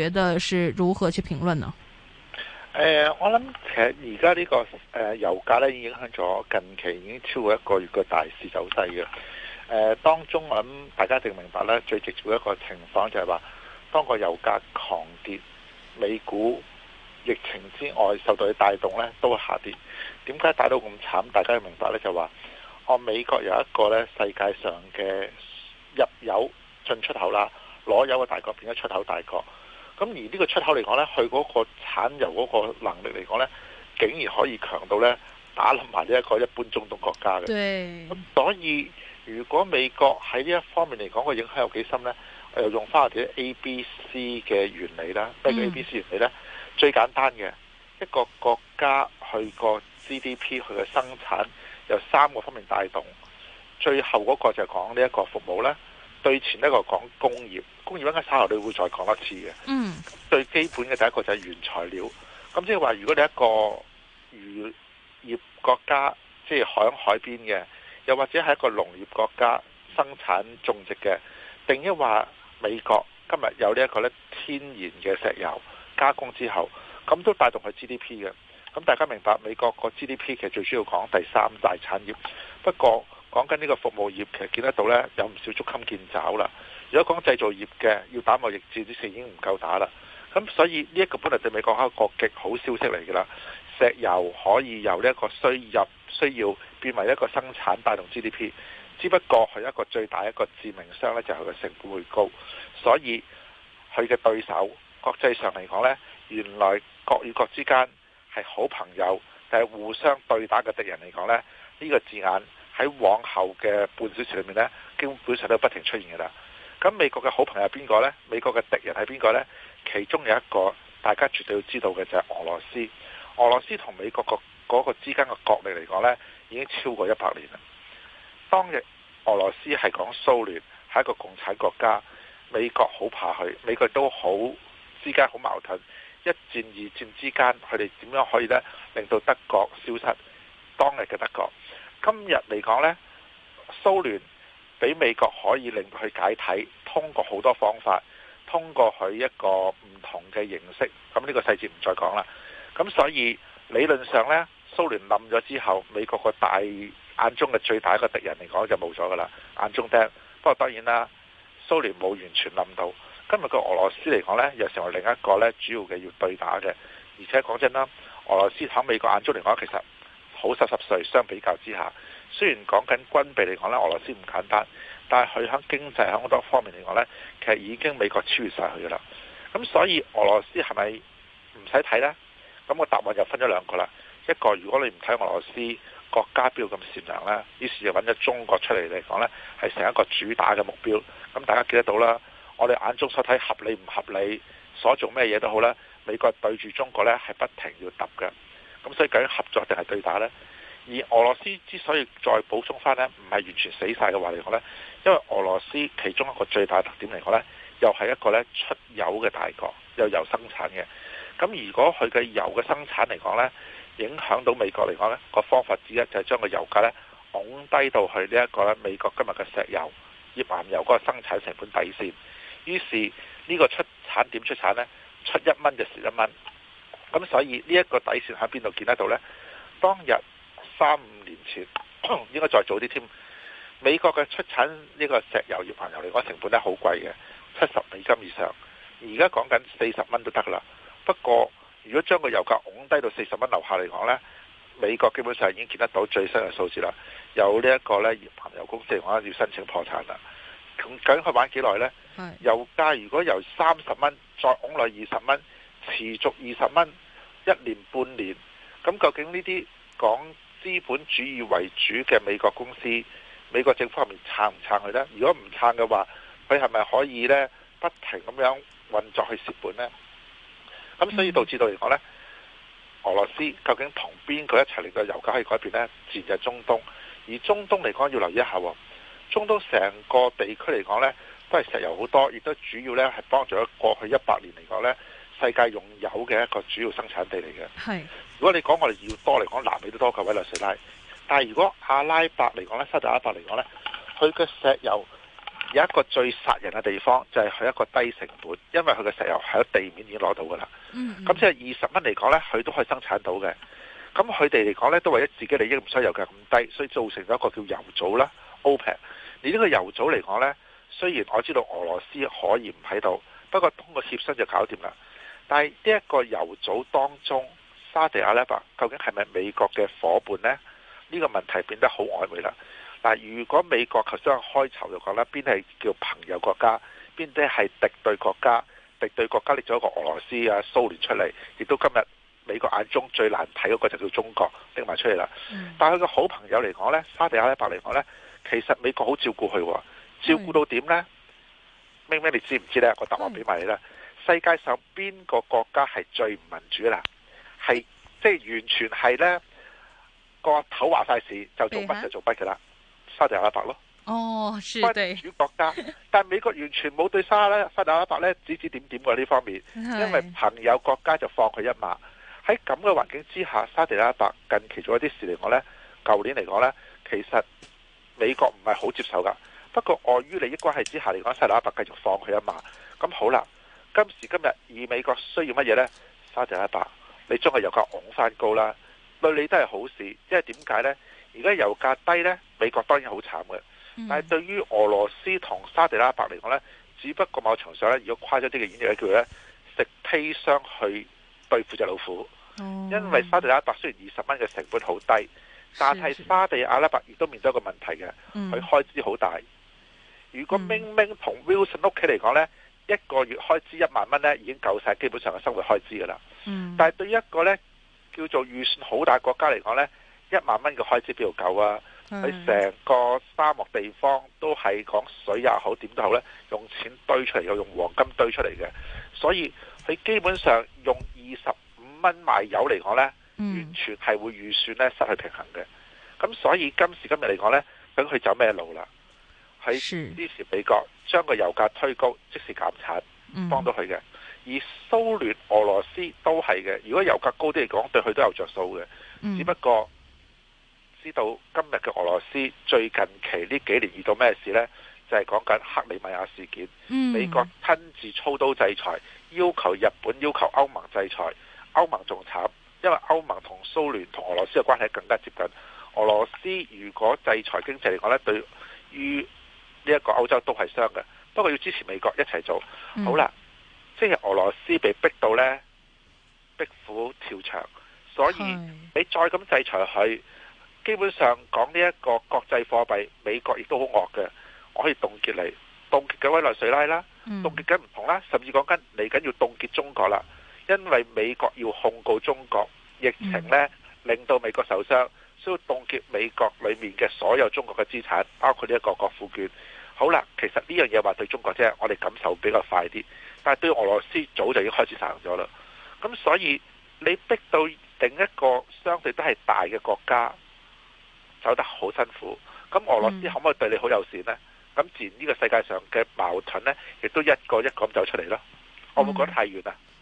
覺得是如何去評論呢？誒、呃，我諗其實而家呢個誒、呃、油價咧影響咗近期已經超過一個月嘅大市走勢嘅。誒、呃，當中我諗大家一定明白咧，最直接一個情況就係話，當個油價狂跌，美股疫情之外受到嘅帶動咧都會下跌。點解跌到咁慘？大家要明白咧就話、是，我、哦、美國有一個咧世界上嘅入油進出口啦，攞油嘅大國變咗出口大國。咁而呢個出口嚟講呢，佢嗰個產油嗰個能力嚟講呢，竟然可以強到呢，打冧埋呢一個一般中東國家嘅。咁所以如果美國喺呢一方面嚟講個影響有幾深呢？用我又用翻我哋 A B C 嘅原理啦，咩、嗯、A B C 原理呢，最簡單嘅一個國家去個 G D P 佢嘅生產由三個方面帶動，最後嗰個就講呢一個服務呢對前一個講工業，工業我應該稍後你會再講一次嘅。嗯，最基本嘅第一個就係原材料。咁即係話，如果你一個漁業國家，即係響海邊嘅，又或者係一個農業國家生產種植嘅，定一話美國今日有呢一個咧天然嘅石油加工之後，咁都帶動佢 GDP 嘅。咁大家明白美國個 GDP 其實最主要講第三大產業，不過。講緊呢個服務業其實見得到呢，有唔少捉襟見肘啦。如果講製造業嘅，要打貿易戰啲字已經唔夠打啦。咁所以呢一個本來對美國係一個極好消息嚟㗎啦，石油可以由呢一個輸入、需要變為一個生產帶動 GDP。只不過佢一個最大一個致命傷呢就係、是、個成本會高。所以佢嘅對手國際上嚟講呢，原來國與國之間係好朋友，但係互相對打嘅敵人嚟講呢，呢、這個字眼。喺往後嘅半小時裏面呢，基本上都不停出現嘅啦。咁美國嘅好朋友係邊個呢？美國嘅敵人係邊個呢？其中有一個大家絕對要知道嘅就係、是、俄羅斯。俄羅斯同美國個嗰、那個之間嘅角力嚟講呢，已經超過一百年啦。當日俄羅斯係講蘇聯係一個共產國家，美國好怕佢，美國都好之間好矛盾。一戰二戰之間，佢哋點樣可以呢？令到德國消失？當日嘅德國。今日嚟講呢，蘇聯俾美國可以令佢解體，通過好多方法，通過佢一個唔同嘅形式。咁呢個細節唔再講啦。咁所以理論上呢，蘇聯冧咗之後，美國個大眼中嘅最大一個敵人嚟講就冇咗噶啦，眼中釘。不過當然啦，蘇聯冇完全冧到。今日個俄羅斯嚟講呢，又成為另一個主要嘅要對打嘅。而且講真啦，俄羅斯喺美國眼中嚟講，其實好濕濕碎，相比較之下，雖然講緊軍備嚟講呢，俄羅斯唔簡單，但係佢喺經濟喺好多方面嚟講呢，其實已經美國超越曬佢噶啦。咁所以俄羅斯係咪唔使睇呢？咁個答案又分咗兩個啦。一個如果你唔睇俄羅斯國家標咁善良呢，於是就揾咗中國出嚟嚟講呢，係成一個主打嘅目標。咁大家記得到啦，我哋眼中所睇合理唔合理，所做咩嘢都好啦，美國對住中國呢，係不停要揼嘅。咁所以究竟合作定係對打呢？而俄羅斯之所以再補充翻呢，唔係完全死晒嘅話嚟講呢，因為俄羅斯其中一個最大特點嚟講呢，又係一個呢出油嘅大國，又有油生產嘅。咁如果佢嘅油嘅生產嚟講呢，影響到美國嚟講呢，個方法之一就係將個油價呢拱低到去呢一個呢美國今日嘅石油頁岩油嗰個生產成本底線。於是呢個出產點出產呢，出一蚊就蝕一蚊。咁所以呢一個底線喺邊度見得到呢？當日三五年前，應該再早啲添。美國嘅出產呢個石油頁岩油嚟講，成本呢好貴嘅，七十美金以上。而家講緊四十蚊都得啦。不過如果將個油價拱低到四十蚊樓下嚟講呢，美國基本上已經見得到最新嘅數字啦。有呢一個呢頁岩油公司嚟講要申請破產啦。咁究竟佢玩幾耐呢？油價如果由三十蚊再拱落二十蚊，持續二十蚊。一年半年，咁究竟呢啲講資本主義為主嘅美國公司，美國政府入面撐唔撐佢呢？如果唔撐嘅話，佢係咪可以呢不停咁樣運作去蝕本呢？咁所以導致到嚟講呢，俄羅斯究竟同邊個一齊嚟到油價可以改變呢？自然就係中東，而中東嚟講要留意一下，中東成個地區嚟講呢，都係石油好多，亦都主要呢係幫助咗過去一百年嚟講呢。世界用油嘅一個主要生產地嚟嘅。如果你講我哋要多嚟講，南美都多，委內瑞拉。但如果阿拉伯嚟講咧，沙特阿拉伯嚟講咧，佢嘅石油有一個最殺人嘅地方，就係、是、佢一個低成本，因為佢嘅石油喺地面已經攞到㗎啦。咁即係二十蚊嚟講咧，佢都可以生產到嘅。咁佢哋嚟講咧，都為咗自己利益唔想油價咁低，所以造成咗一個叫油組啦，OPEC。你呢個油組嚟講咧，雖然我知道俄羅斯可以唔喺度，不過通過協商就搞掂啦。但係呢一個油組當中，沙地阿拉伯究竟係咪美國嘅伙伴呢？呢、呢個問題變得好曖昧啦。但如果美國頭先開籌嚟講咧，邊係叫朋友國家？邊啲係敵對國家？敵對國家列咗個俄羅斯啊、蘇聯出嚟，亦都今日美國眼中最難睇嗰個就叫中國拎埋出嚟啦。Mm. 但係佢個好朋友嚟講呢，沙地阿拉伯嚟講呢，其實美國好照顧佢，照顧到點呢？Mm. 明明你知唔知道呢？我答案俾埋你啦。世界上邊個國家係最唔民主啦？係，即係完全係呢個頭話晒事，就做乜就做乜噶啦，沙地阿拉伯咯。哦，是的 民主國家，但係美國完全冇對沙咧、沙地阿拉伯咧指指點點嘅呢方面，因為朋友國家就放佢一馬。喺咁嘅環境之下，沙地阿拉伯近期做一啲事嚟講呢，舊年嚟講呢，其實美國唔係好接受噶。不過礙於利益關係之下嚟講，沙特阿拉伯繼續放佢一馬。咁好啦。今時今日，以美國需要乜嘢呢？沙特阿拉伯，你將個油價拱翻高啦，對你都係好事，因為點解呢？而家油價低呢，美國當然好慘嘅、嗯，但係對於俄羅斯同沙特阿拉伯嚟講呢，只不過某程度上咧，如果誇張啲嘅演繹叫句咧，食砒霜去對付隻老虎、哦，因為沙特阿拉伯雖然二十蚊嘅成本好低，是是但係沙特阿拉伯亦都面對一個問題嘅，佢、嗯、開支好大。如果明明同 Wilson 屋企嚟講呢。一個月開支一萬蚊咧，已經夠晒基本上嘅生活開支噶啦。嗯。但係對於一個咧叫做預算好大國家嚟講咧，一萬蚊嘅開支邊度夠啊？嗯。佢成個沙漠地方都係講水又好，點都好咧，用錢堆出嚟又用黃金堆出嚟嘅，所以佢基本上用二十五蚊賣油嚟講咧，完全係會預算咧失去平衡嘅。咁所以今時今日嚟講咧，等佢走咩路啦？喺支持美國將個油價推高，即使減產，幫到佢嘅。嗯嗯而蘇聯、俄羅斯都係嘅。如果油價高啲嚟講，對佢都有着數嘅。嗯嗯只不過知道今日嘅俄羅斯最近期呢幾年遇到咩事呢？就係、是、講緊克里米亞事件。美國親自操刀制裁，要求日本、要求歐盟制裁。歐盟仲慘，因為歐盟同蘇聯同俄羅斯嘅關係更加接近。俄羅斯如果制裁經濟嚟講呢，對於呢、這、一個歐洲都係傷嘅，不過要支持美國一齊做、嗯、好啦。即係俄羅斯被逼到呢，逼虎跳牆，所以你再咁制裁佢，基本上講呢一個國際貨幣，美國亦都好惡嘅。我可以凍結你，凍結緊委內瑞拉啦，凍結緊唔同啦，甚至講緊嚟緊要凍結中國啦，因為美國要控告中國疫情呢令到美國受傷、嗯，所以要凍結美國裡面嘅所有中國嘅資產，包括呢一個國庫券。好啦，其實呢樣嘢話對中國啫，我哋感受比較快啲，但係對俄羅斯早就已經開始實行咗啦。咁所以你逼到另一個相對都係大嘅國家走得好辛苦，咁俄羅斯可唔可以對你好友善呢？咁自然呢個世界上嘅矛盾呢，亦都一個一個咁走出嚟咯。我冇覺得太遠啦。Mm-hmm.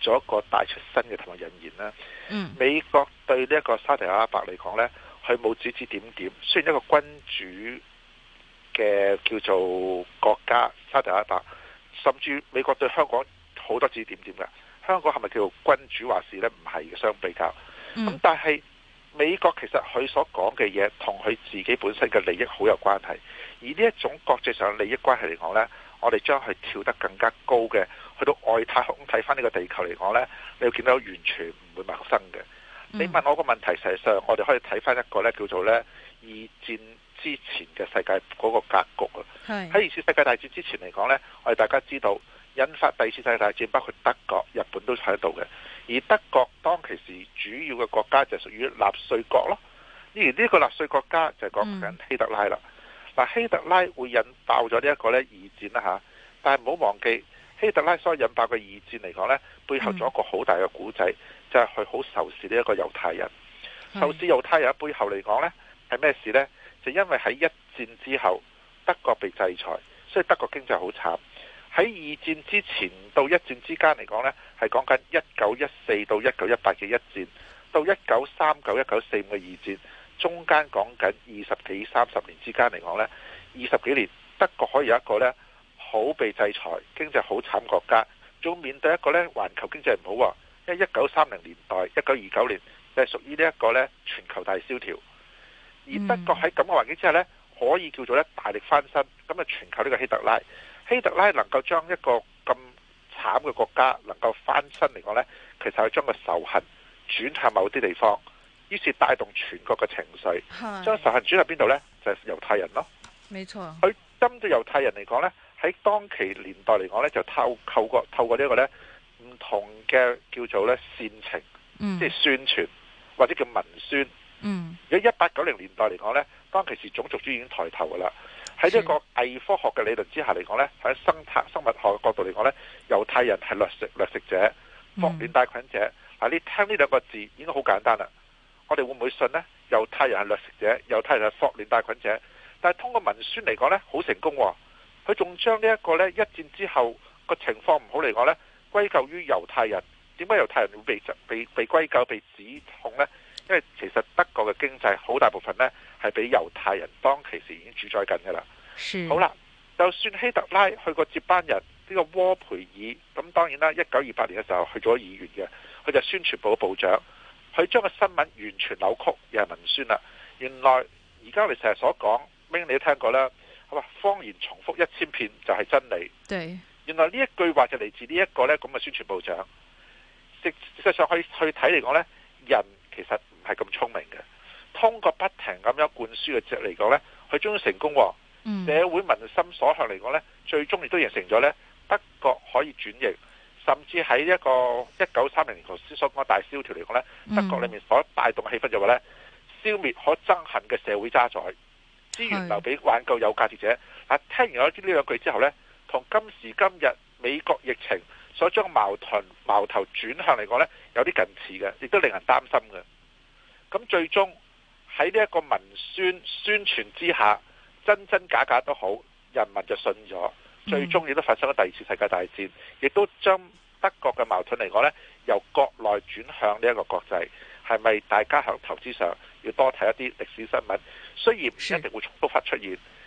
做一個帶出新嘅同埋引言啦。美國對呢一個沙特阿拉伯嚟講呢，佢冇指指點點。雖然一個君主嘅叫做國家沙特阿拉伯，甚至美國對香港好多指指點點嘅。香港係咪叫做君主話事呢？唔係嘅，相比較。咁但係美國其實佢所講嘅嘢同佢自己本身嘅利益好有關係。而呢一種國際上利益關係嚟講呢，我哋將佢跳得更加高嘅。去到外太空睇翻呢個地球嚟講呢，你會見到完全唔會陌生嘅，嗯。你問我個問題在，事實上我哋可以睇翻一個咧，叫做呢：「二戰之前嘅世界嗰個格局啊。喺二次世界大戰之前嚟講呢，我哋大家知道引發第二次世界大戰包括德國、日本都睇得到嘅。而德國當其時主要嘅國家就屬於納粹國咯。而呢個納粹國家就係講緊希特拉啦。嗱、嗯，希特拉會引爆咗呢一個呢二戰啦吓，但係唔好忘記。希特拉所引發嘅二戰嚟講呢，背後仲有一個好大嘅古仔，就係佢好仇視呢一個猶太人。仇視猶太人背後嚟講呢，係咩事呢？就因為喺一戰之後，德國被制裁，所以德國經濟好慘。喺二戰之前到一戰之間嚟講呢，係講緊一九一四到一九一八嘅一戰，到一九三九、一九四五嘅二戰，中間講緊二十幾三十年之間嚟講呢，二十幾年，德國可以有一個呢。好被制裁，經濟好慘，國家仲面對一個呢環球經濟唔好、啊，因為一九三零年代一九二九年就係屬於呢一個呢全球大蕭條。而德國喺咁嘅環境之下呢，可以叫做呢大力翻身。咁啊，全球呢個希特拉，希特拉能夠將一個咁慘嘅國家能夠翻身嚟講呢，其實係將個仇恨轉向某啲地方，於是帶動全國嘅情緒。將仇恨轉向邊度呢？就係、是、猶太人咯。佢針對猶太人嚟講呢。喺當期年代嚟講咧，就透過透過透過呢個咧唔同嘅叫做咧煽情，mm. 即係宣傳或者叫文宣。Mm. 如果一八九零年代嚟講咧，當其時種族主義已經抬頭噶啦。喺呢一個偽科學嘅理論之下嚟講咧，喺生態生物學嘅角度嚟講咧，猶太人係掠食掠食者，霍亂帶菌者。嗱、mm.，你聽呢兩個字已經好簡單啦。我哋會唔會信呢？猶太人係掠食者，猶太人係霍亂帶菌者。但係通過文宣嚟講咧，好成功。佢仲將呢一個呢一戰之後個情況唔好嚟講呢，歸咎於猶太人。點解猶太人會被責被歸咎、被指控呢？因為其實德國嘅經濟好大部分呢，係俾猶太人當其時已經主宰緊噶啦。好啦，就算希特拉去個接班人呢、呢個窩培爾，咁當然啦，一九二八年嘅時候去咗議員嘅，佢就宣傳部嘅部長，佢將個新聞完全扭曲又係文宣啦。原來而家我哋成日所講，明你都聽過啦。謊言重複一千遍就係真理。對，原來呢一句話就嚟自呢一個呢咁嘅宣傳部長。實實際上去去睇嚟講呢，人其實唔係咁聰明嘅。通過不停咁樣灌輸嘅只嚟講呢，佢終於成功了。嗯，社會民心所向嚟講呢，最終亦都形成咗呢德國可以轉型，甚至喺一個一九三零年頭先所講嘅大蕭條嚟講呢，德國裏面所帶動嘅氣氛就話、是、呢：嗯「消滅可憎恨嘅社會渣滓。資源留俾挽救有價值者。啊，聽完有呢兩句之後呢，同今時今日美國疫情所將矛盾矛頭轉向嚟講呢，有啲近似嘅，亦都令人擔心嘅。咁最終喺呢一個文宣宣傳之下，真真假假都好，人民就信咗。最終亦都發生咗第二次世界大戰，亦都將德國嘅矛盾嚟講呢，由國內轉向呢一個國際。係咪大家喺投資上要多睇一啲歷史新聞？雖然唔一定會重複發出現。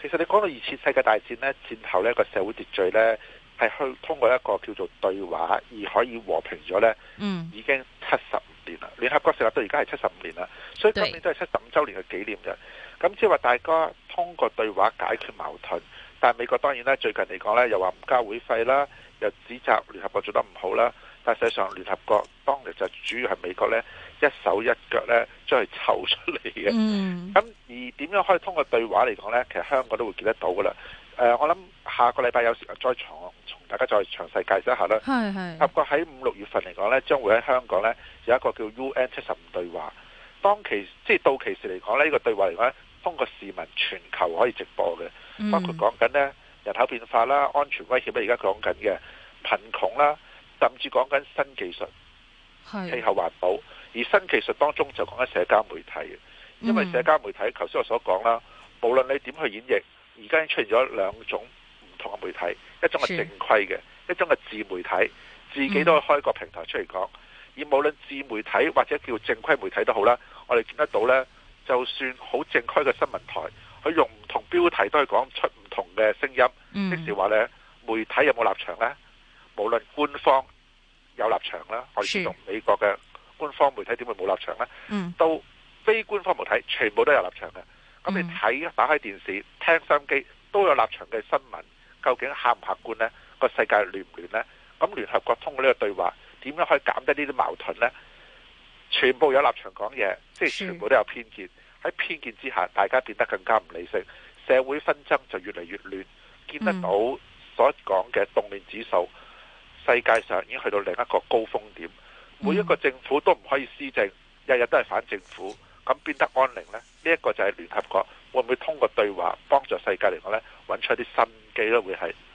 其實你講到二次世界大戰咧，戰後咧個社會秩序呢係去通過一個叫做對話而可以和平咗呢，嗯，已經七十五年啦，聯合國成立到而家係七十五年啦，所以今年都係七十五週年嘅紀念日。咁即係話大家通過對話解決矛盾，但係美國當然呢，最近嚟講呢，又話唔交會費啦，又指責聯合國做得唔好啦，但係實際上聯合國當日就主要係美國呢一手一腳呢將佢抽出嚟嘅，嗯。點樣可以通過對話嚟講呢？其實香港都會見得到噶啦、呃。我諗下個禮拜有時再長，同大家再詳細介紹一下啦。係係。不過喺五六月份嚟講呢，將會喺香港呢有一個叫 UN 七十五對話。當其時即係到期時嚟講呢，呢、呢個對話嚟講呢通過市民全球可以直播嘅，包括講緊呢人口變化啦、安全威脅，而家講緊嘅貧窮啦，甚至講緊新技術、氣候環保，而新技術當中就講緊社交媒體。因為社交媒體，頭、嗯、先我所講啦，無論你點去演繹，而家已經出現咗兩種唔同嘅媒體，一種係正規嘅，一種係自媒體、嗯，自己都可以開個平台出嚟講。而無論自媒體或者叫正規媒體都好啦，我哋見得到呢，就算好正規嘅新聞台，佢用唔同標題都係講出唔同嘅聲音。嗯、即是話呢媒體有冇立場呢？無論官方有立場呢，我哋用美國嘅官方媒體點會冇立場呢？嗯、都非官方媒體全部都有立場嘅，咁你睇打開電視、聽收音機都有立場嘅新聞，究竟客唔客觀呢？個世界亂唔亂呢？咁聯合國通過呢個對話，點樣可以減低呢啲矛盾呢？全部有立場講嘢，即係全部都有偏見。喺偏見之下，大家變得更加唔理性，社會紛爭就越嚟越亂。見得到所講嘅動亂指數，世界上已經去到另一個高峰點。每一個政府都唔可以施政，日日都係反政府。咁變得安寧咧，呢、這、一個就係聯合國會唔會通過對話幫助世界嚟講咧，揾出一啲新機咧，會係？